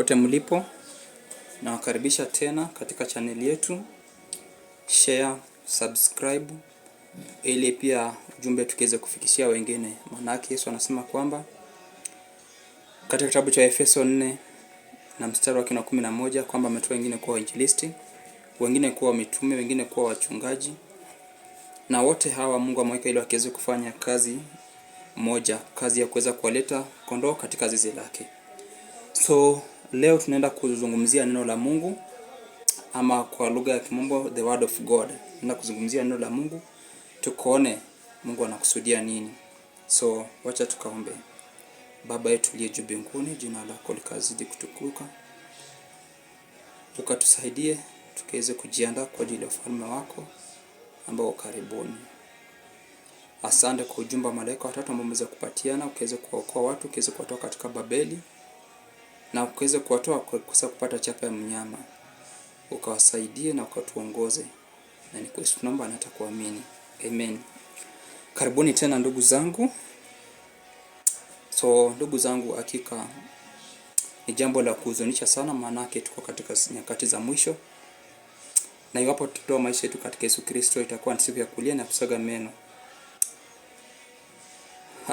popote mlipo, nawakaribisha tena katika chaneli yetu. Share, subscribe ili pia ujumbe tukiweze kufikishia wengine, maanake Yesu anasema kwamba katika kitabu cha Efeso 4 na mstari wake na kumi na moja kwamba ametoa wengine kuwa wainjilisti, wengine kuwa mitume, wengine kuwa wachungaji, na wote hawa Mungu ameweka ili wakiweze kufanya kazi moja, kazi ya kuweza kuwaleta kondoo katika zizi lake. So Leo tunaenda kuzungumzia neno la Mungu ama kwa lugha ya kimombo the word of God. Tunaenda kuzungumzia neno la Mungu tukoone Mungu anakusudia nini. So wacha tukaombe. Baba yetu uliye juu mbinguni, jina lako likazidi kutukuka, ukatusaidie tukaweze kujiandaa kwa ajili ya ufalme wako ambao karibuni. Asante kwa ujumbe wa malaika watatu ambao umeweza kupatiana, ukaweze kuwaokoa watu, ukaweze kuwatoa katika Babeli na ukaweze kuwatoa kukosa kupata chapa ya mnyama, ukawasaidie na ukatuongoze, na ni kwa Yesu tunaomba na atakuamini. Amen. Karibuni tena ndugu zangu. So ndugu zangu, hakika ni jambo la kuhuzunisha sana, maanake tuko katika nyakati za mwisho, na iwapo tutoa maisha yetu katika Yesu Kristo itakuwa ni siku ya kulia na kusaga meno.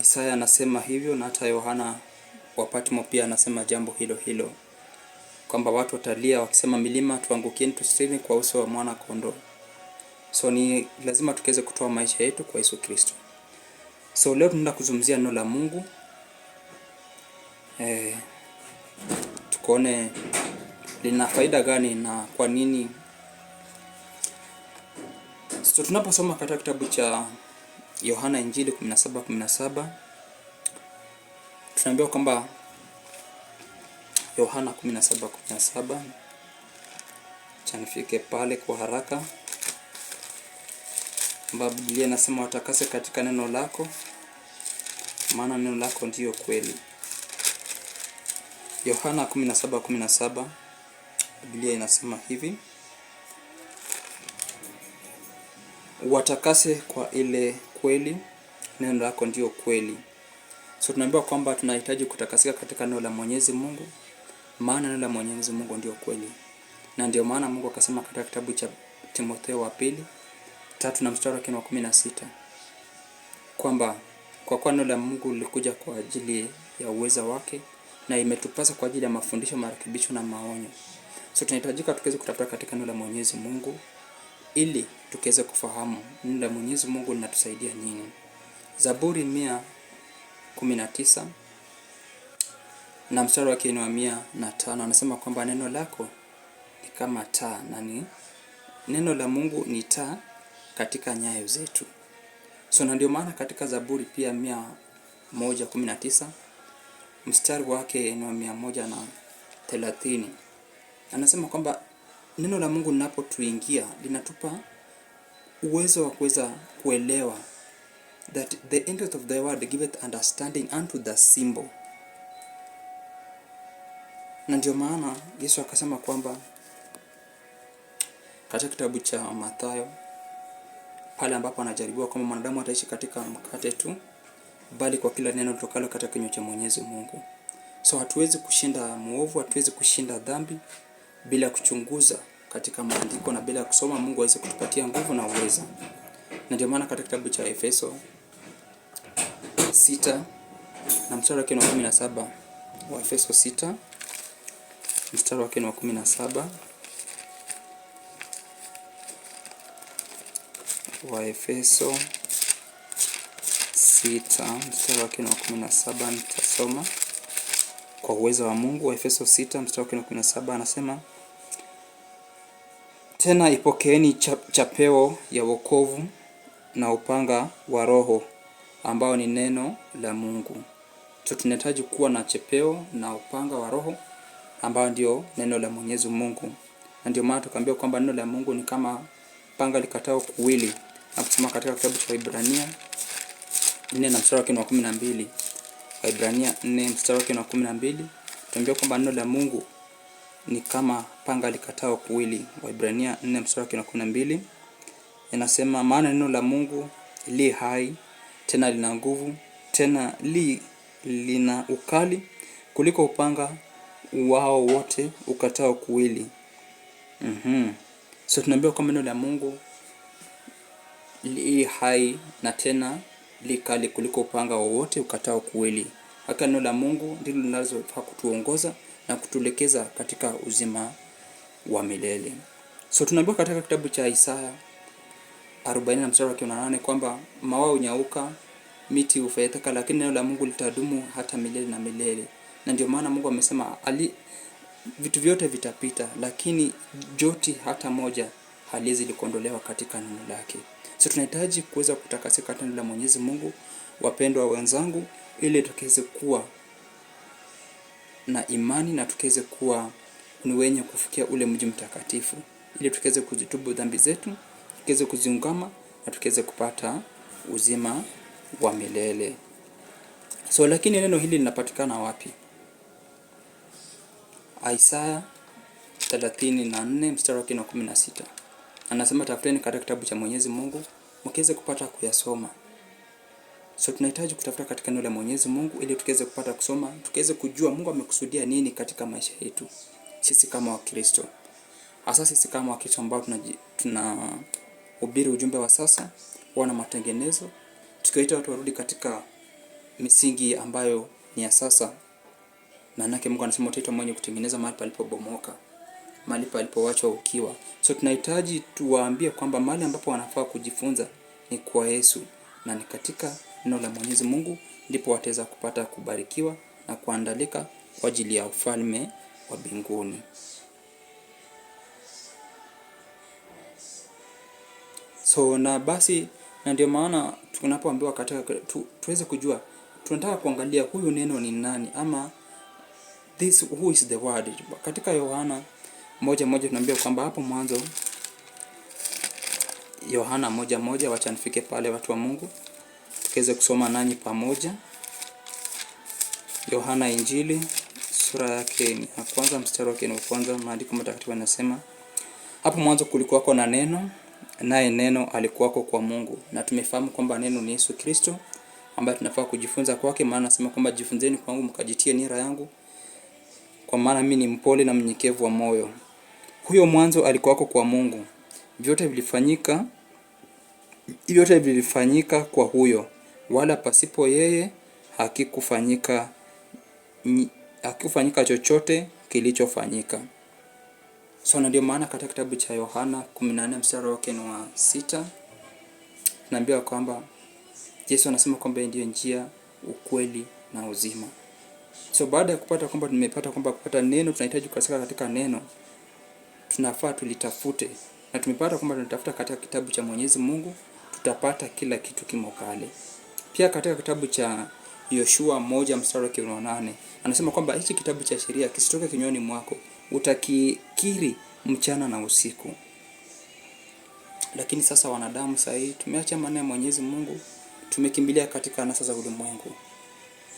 Isaya anasema hivyo na hata Yohana wa Patmo pia anasema jambo hilo hilo kwamba watu watalia wakisema, milima tuangukieni, tusitini kwa uso wa mwana kondoo. So ni lazima tukiweze kutoa maisha yetu kwa Yesu Kristo. So leo tunaenda kuzungumzia neno la Mungu e, eh, tukone lina faida gani na kwa nini. So tunaposoma katika kitabu cha Yohana Injili 17:17 17, tunaambiwa kwamba Yohana 17:17 chanifike pale kwa haraka, ambapo Biblia inasema watakase katika neno lako, maana neno lako ndiyo kweli. Yohana 17:17 Biblia inasema hivi watakase kwa ile kweli, neno lako ndiyo kweli. So tunaambiwa kwamba tunahitaji kutakasika katika neno la Mwenyezi Mungu, maana neno la Mwenyezi Mungu ndio kweli. Na ndio maana Mungu akasema katika kitabu cha Timotheo wa pili tatu na mstari wake wa kumi na sita kwamba kwa kuwa neno la Mungu lilikuja kwa ajili ya uweza wake na imetupasa kwa ajili ya mafundisho, marekebisho na maonyo. So tunahitajika tukiweze kutafuta katika neno la Mwenyezi Mungu ili tukiweze kufahamu neno la Mwenyezi Mungu linatusaidia nini. Zaburi mia 19 na mstari wake ni wa mia na tano. Anasema kwamba neno lako ni kama taa na ni neno la Mungu ni taa katika nyayo zetu. So na ndio maana katika Zaburi pia mia moja kumi na tisa mstari wake ni wa mia moja na thelathini anasema kwamba neno la Mungu linapotuingia linatupa uwezo wa kuweza kuelewa that the entrance of thy word giveth understanding unto the symbol. Na ndio maana Yesu akasema kwamba katika kitabu cha Mathayo pale ambapo anajaribiwa kwamba mwanadamu ataishi katika mkate tu, bali kwa kila neno litokalo katika kinywa cha Mwenyezi Mungu. So hatuwezi kushinda muovu, hatuwezi kushinda dhambi bila kuchunguza katika maandiko na bila kusoma. Mungu aweze kutupatia nguvu na uwezo na ndio maana katika kitabu cha Efeso sita na mstari wake ni wa kumi na saba wa Efeso sita mstari wake ni wa kumi na saba wa Efeso 6 mstari wake ni wa kumi na saba nitasoma kwa uwezo wa Mungu. Wa Efeso 6 mstari wake wa 17 anasema tena, ipokeeni chapeo ya wokovu na upanga wa Roho ambao ni neno la Mungu. So tunahitaji kuwa na chepeo na upanga wa Roho ambao ndio neno la Mwenyezi Mungu, na ndio maana tukaambiwa kwamba neno la Mungu ni kama panga likatao kuwili, na kusoma katika kitabu cha Ibrania 4 na mstari wake wa 12. Ibrania 4 mstari wake wa 12 tunaambiwa kwamba neno la Mungu ni kama panga likatao kuwili. Waibrania 4 mstari wake wa 12. Inasema maana neno la Mungu li hai tena lina nguvu tena li lina ukali kuliko upanga wao wote ukatao kuwili. Mm-hmm. So tunaambiwa kwamba neno la Mungu li hai na tena li kali kuliko upanga wowote ukatao kuwili. Haka neno la Mungu ndilo linalofaa kutuongoza na kutuelekeza katika uzima wa milele. So tunaambiwa katika kitabu cha Isaya arobaini na mstari wa kumi na nane kwamba maua hunyauka, miti hufedheka, lakini neno la Mungu litadumu hata milele na milele. Na ndio maana Mungu amesema ali vitu vyote vitapita, lakini joti hata moja haliwezi likuondolewa katika neno lake. So tunahitaji kuweza kutakasika neno la Mwenyezi Mungu, wapendwa wenzangu, ili tukiweze kuwa na imani na tukiweze kuwa ni wenye kufikia ule mji mtakatifu, ili tukiweze kuzitubu dhambi zetu tukiweze kuziungama na tukiweze kupata uzima wa milele. So lakini neno hili linapatikana wapi? Isaya 34 mstari wa 16. Anasema tafuteni katika kitabu cha Mwenyezi Mungu mkiweze kupata kuyasoma. So tunahitaji kutafuta katika neno la Mwenyezi Mungu ili tukiweze kupata kusoma, tukiweze kujua Mungu amekusudia nini katika maisha yetu sisi kama Wakristo. Hasa sisi kama Wakristo ambao tuna, tuna hubiri ujumbe wa sasa, na matengenezo, tukiwaita watu warudi katika misingi ambayo ni ya sasa. Maanake Mungu anasema utaitwa mwenye kutengeneza mahali palipobomoka, mahali palipowachwa ukiwa. So tunahitaji tuwaambie kwamba mahali ambapo wanafaa kujifunza ni kwa Yesu na ni katika neno la Mwenyezi Mungu ndipo wataweza kupata kubarikiwa na kuandalika kwa ajili ya ufalme wa mbinguni. So na basi, na ndio maana tunapoambiwa katika tu, tuweze kujua tunataka kuangalia huyu neno ni nani ama this who is the word. Katika Yohana moja moja tunaambiwa kwamba hapo mwanzo, Yohana moja moja, wacha nifike pale, watu wa Mungu, tukaweze kusoma nanyi pamoja. Yohana Injili sura yake ni ya kwanza mstari wake ni wa kwanza. Maandiko matakatifu yanasema hapo mwanzo kulikuwako na neno naye neno alikuwako kwa Mungu, na tumefahamu kwamba neno ni Yesu Kristo ambaye tunafaa kujifunza kwake, maana anasema kwamba jifunzeni kwangu mkajitie nira yangu, kwa maana mimi ni mpole na mnyenyekevu wa moyo. Huyo mwanzo alikuwako kwa Mungu, vyote vilifanyika, vyote vilifanyika kwa huyo, wala pasipo yeye hakikufanyika hakikufanyika chochote kilichofanyika. So na ndio maana katika kitabu cha Yohana 14 mstari wake ni wa sita naambiwa kwamba Yesu anasema kwamba ndiyo njia, ukweli na uzima. So baada ya kupata kwamba tumepata kwamba kupata neno, tunahitaji kukasika katika neno, tunafaa tulitafute, na tumepata kwamba tunatafuta katika kitabu cha Mwenyezi Mungu, tutapata kila kitu kimo pale. Pia katika kitabu cha Yoshua moja mstari wa nane anasema kwamba hichi kitabu cha sheria kisitoke kinywani mwako utakikiri mchana na usiku. Lakini sasa wanadamu sasa hivi tumeacha maana ya Mwenyezi Mungu, tumekimbilia katika anasa za ulimwengu,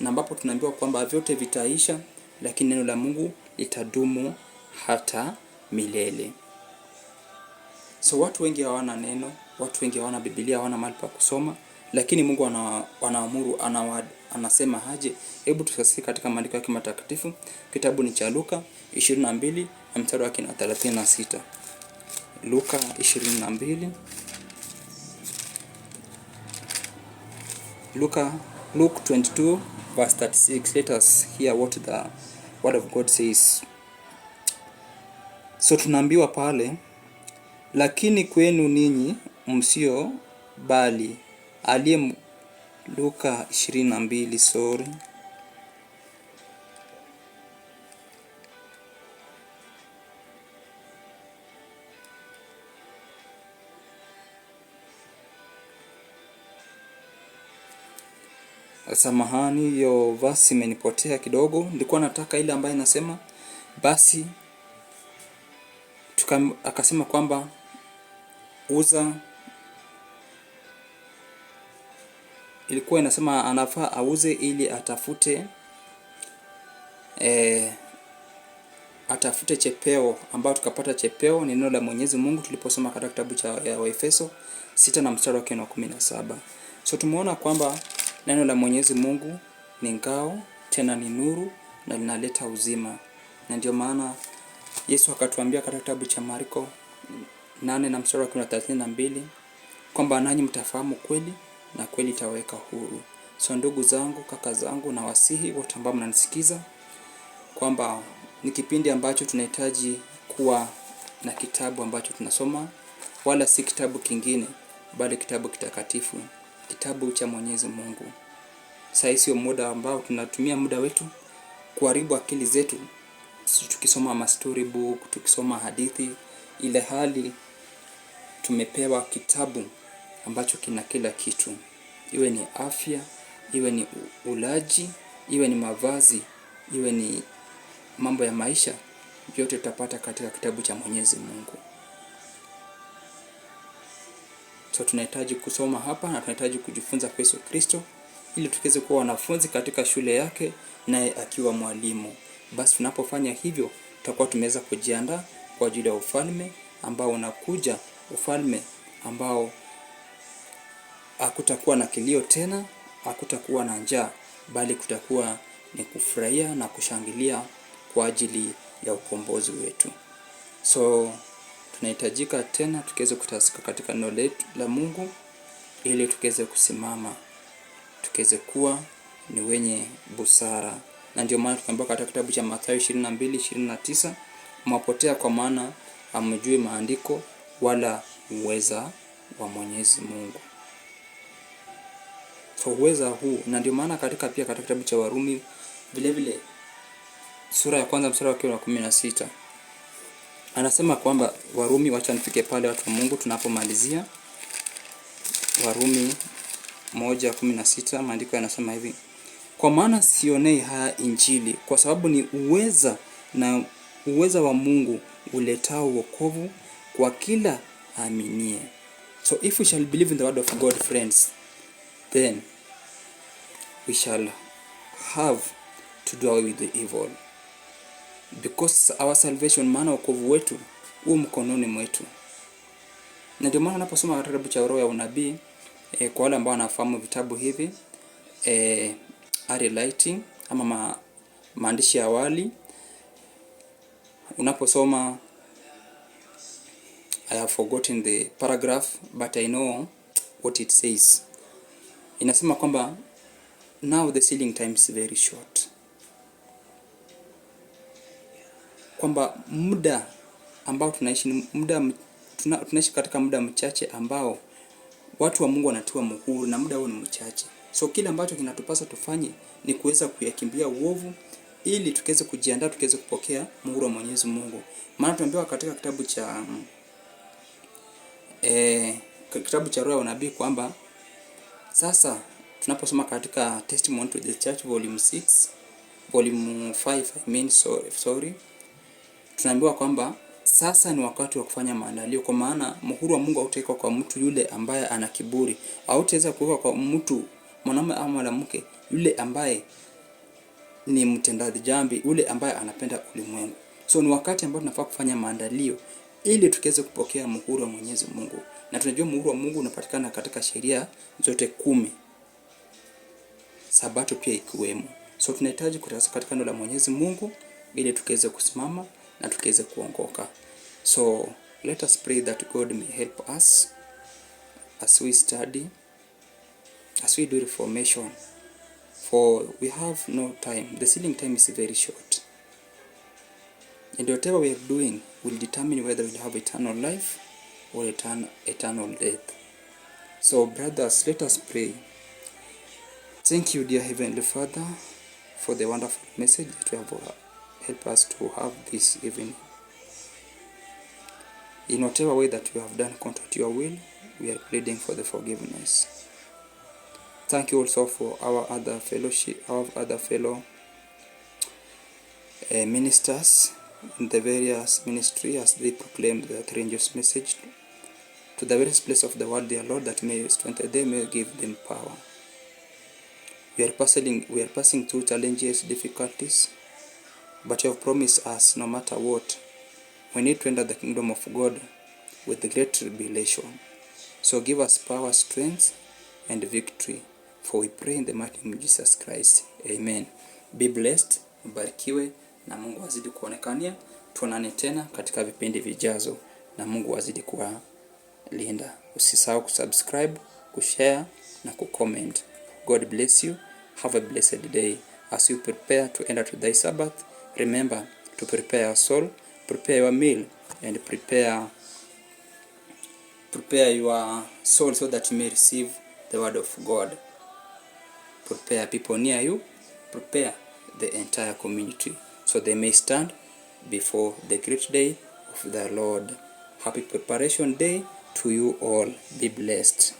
na ambapo tunaambiwa kwamba vyote vitaisha, lakini neno la Mungu litadumu hata milele. So watu wengi hawana neno, watu wengi hawana Biblia, hawana mahali pa kusoma, lakini Mungu anawaamuru anawa anasema haje? Hebu tusikie katika maandiko yake matakatifu. Kitabu ni cha Luka 22 na mstari wake na 36. Luka 22 Luka Luke 22 verse 36. Let us hear what the word of God says. So tunaambiwa pale, lakini kwenu ninyi msio bali aliye Luka 22 sorry. Samahani, hiyo vasi imenipotea kidogo. Nilikuwa nataka ile ambayo inasema basi tuka, akasema kwamba uza ilikuwa inasema anafaa auze ili atafute e, atafute chepeo ambao tukapata chepeo ni neno la Mwenyezi Mungu tuliposoma katika kitabu cha Waefeso sita na mstari wake wa kumi na saba. So tumeona kwamba neno la Mwenyezi Mungu ni ngao tena ni nuru na linaleta uzima, na ndio maana Yesu akatuambia katika kitabu cha Marko nane na mstari wa 32 kwamba nanyi mtafahamu kweli na kweli itaweka huru. So ndugu zangu, kaka zangu, na wasihi wote ambao mnanisikiza kwamba ni kipindi ambacho tunahitaji kuwa na kitabu ambacho tunasoma, wala si kitabu kingine, bali kitabu kitakatifu, kitabu cha Mwenyezi Mungu. Sasa sio muda ambao tunatumia muda wetu kuharibu akili zetu tukisoma mastori book, tukisoma hadithi, ile hali tumepewa kitabu ambacho kina kila kitu, iwe ni afya, iwe ni ulaji, iwe ni mavazi, iwe ni mambo ya maisha, vyote tutapata katika kitabu cha Mwenyezi Mungu. So tunahitaji kusoma hapa na tunahitaji kujifunza kwa Yesu Kristo ili tukiweze kuwa wanafunzi katika shule yake naye akiwa mwalimu. Basi tunapofanya hivyo, tutakuwa tumeweza kujiandaa kwa ajili ya ufalme ambao unakuja, ufalme ambao hakutakuwa na kilio tena, hakutakuwa na njaa, bali kutakuwa ni kufurahia na kushangilia kwa ajili ya ukombozi wetu. So tunahitajika tena tukiweze kutasika katika neno letu la Mungu ili tukiweze kusimama, tukiweze kuwa ni wenye busara. Na ndio maana tukaambiwa katika kitabu cha Mathayo 22:29, mwapotea kwa maana hamjui maandiko wala uweza wa Mwenyezi Mungu kwa uweza huu, na ndio maana katika pia katika kitabu cha Warumi vile vile sura ya kwanza mstari wa kumi na sita anasema kwamba Warumi, wacha nifike pale, watu wa Mungu, tunapomalizia Warumi moja kumi na sita maandiko yanasema hivi: kwa maana sionei haya Injili, kwa sababu ni uweza na uweza wa Mungu uletao wokovu kwa kila aminie. So if we shall believe in the word of God friends then we shall have to do with the evil because our salvation, maana wokovu wetu huu mkononi mwetu. Na ndio maana unaposoma kitabu cha Roho ya Unabii e, kwa wale ambao wanafahamu vitabu hivi e, Ari Lighting ama ma, maandishi ya awali unaposoma I have forgotten the paragraph but I know what it says. Inasema kwamba now the ceiling time is very short, kwamba muda ambao tunaishi muda tuna, tunaishi katika muda mchache ambao watu wa Mungu wanatiwa muhuri na muda huo ni mchache. So kile ambacho kinatupasa tufanye ni kuweza kuyakimbia uovu ili tukiweze kujiandaa tukiweze kupokea muhuri wa Mwenyezi Mungu. Maana tunaambiwa katika kitabu cha mm, eh, kitabu cha Roho ya Unabii kwamba sasa tunaposoma katika Testimony to the Church volume 6 volume 5 I mean, sorry, sorry, tunaambiwa kwamba sasa ni wakati wa kufanya maandalio, kwa maana muhuri wa Mungu hautawekwa kwa mtu yule ambaye ana kiburi, hautaweza kuwekwa kwa mtu mwanamume ama mwanamke yule ambaye ni mtendaji jambi, yule ambaye anapenda ulimwengu. So ni wakati ambao tunafaa kufanya maandalio ili tukiweze kupokea muhuri wa Mwenyezi Mungu, na tunajua muhuri wa Mungu unapatikana katika sheria zote kumi sabato pia ikiwemo. So tunahitaji kutasa katika neno la Mwenyezi Mungu ili tukiweze kusimama na tukiweze kuongoka. So let us pray that God may help us as we study as we do reformation for we have no time. The sealing time is very short. And whatever we are doing will determine whether we'll have eternal life or eternal death. So brothers, let us pray. Thank you, dear Heavenly Father, for the wonderful message that you have uh, helped us to have this evening. In whatever way that you have done contrary to your will, we are pleading for the forgiveness. Thank you also for our other fellowship, our other fellow uh, ministers in the various ministry as they proclaim the three message to the various place of the world, dear Lord, that may strengthen them, may give them power. We are passing, we are passing through challenges, difficulties, but you have promised us no matter what, we need to enter the kingdom of God with the great tribulation. So give us power, strength, and victory. For we pray in the mighty name of Jesus Christ. Amen. Be blessed, mbarikiwe na Mungu azidi kuonekania. Tuonane tena katika vipindi vijazo na Mungu azidi kuwalinda. Usisahau kusubscribe, kushare na kucomment. God bless you. Have a blessed day. As you prepare to enter to thy Sabbath, remember to prepare your soul, prepare your meal, and prepare prepare your soul so that you may receive the word of God. Prepare people near you, prepare the entire community so they may stand before the great day of the Lord. Happy preparation day to you all. Be blessed.